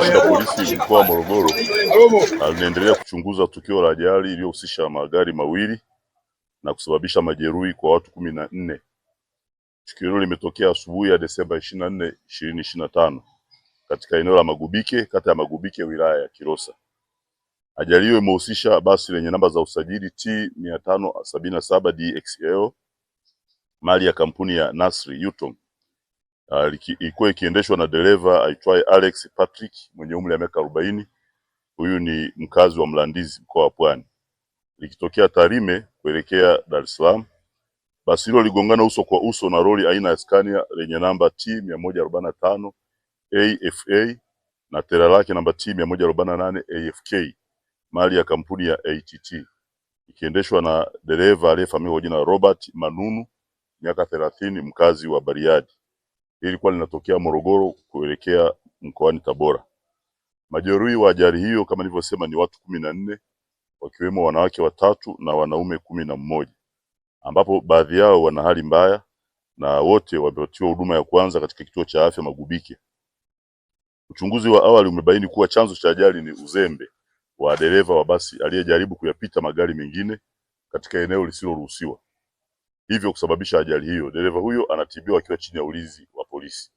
Jeshi la Polisi mkoa wa Morogoro linaendelea kuchunguza tukio la ajali iliyohusisha magari mawili na kusababisha majeruhi kwa watu kumi na nne. Tukio hilo limetokea asubuhi ya Desemba 24 2025 katika eneo la Magubike, kata ya Magubike, wilaya ya Kilosa. Ajali hiyo imehusisha basi lenye namba za usajili T 577 DXL mali ya kampuni ya Nasri Yutong Ah, ilikuwa ikiendeshwa na dereva aitwaye Alex Patrick mwenye umri wa miaka arobaini. Huyu ni mkazi wa Mlandizi mkoa wa Pwani, likitokea Tarime kuelekea Dar es Salaam. Basi hilo ligongana uso kwa uso na lori aina ya Scania lenye namba T 145 AFA na tera lake namba T 148 AFK, mali ya kampuni ya ATT, ikiendeshwa na dereva aliyefahamika kwa jina Robert Manunu, miaka thelathini, mkazi wa Bariadi ilikuwa linatokea Morogoro kuelekea mkoani Tabora. Majeruhi wa ajali hiyo kama nilivyosema ni watu kumi na nne wakiwemo wanawake watatu na wanaume kumi na mmoja ambapo baadhi yao wana hali mbaya na wote wamepatiwa huduma ya kwanza katika kituo cha afya Magubike. Uchunguzi wa awali umebaini kuwa chanzo cha ajali ni uzembe wa dereva wa basi aliyejaribu kuyapita magari mengine katika eneo lisiloruhusiwa, hivyo kusababisha ajali hiyo. Dereva huyo anatibiwa akiwa chini ya ulinzi 40s.